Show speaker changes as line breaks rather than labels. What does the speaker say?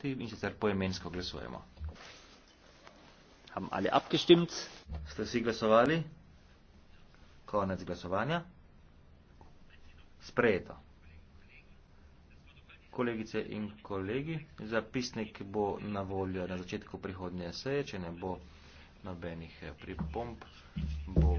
tem in sicer poemensko glasujemo. Ham ali abgestimt? Ste vsi glasovali? Konec glasovanja. Sprejeto. Kolegice in kolegi, zapisnik bo na voljo na začetku prihodnje seje, če ne bo nobenih
pripomp, bo.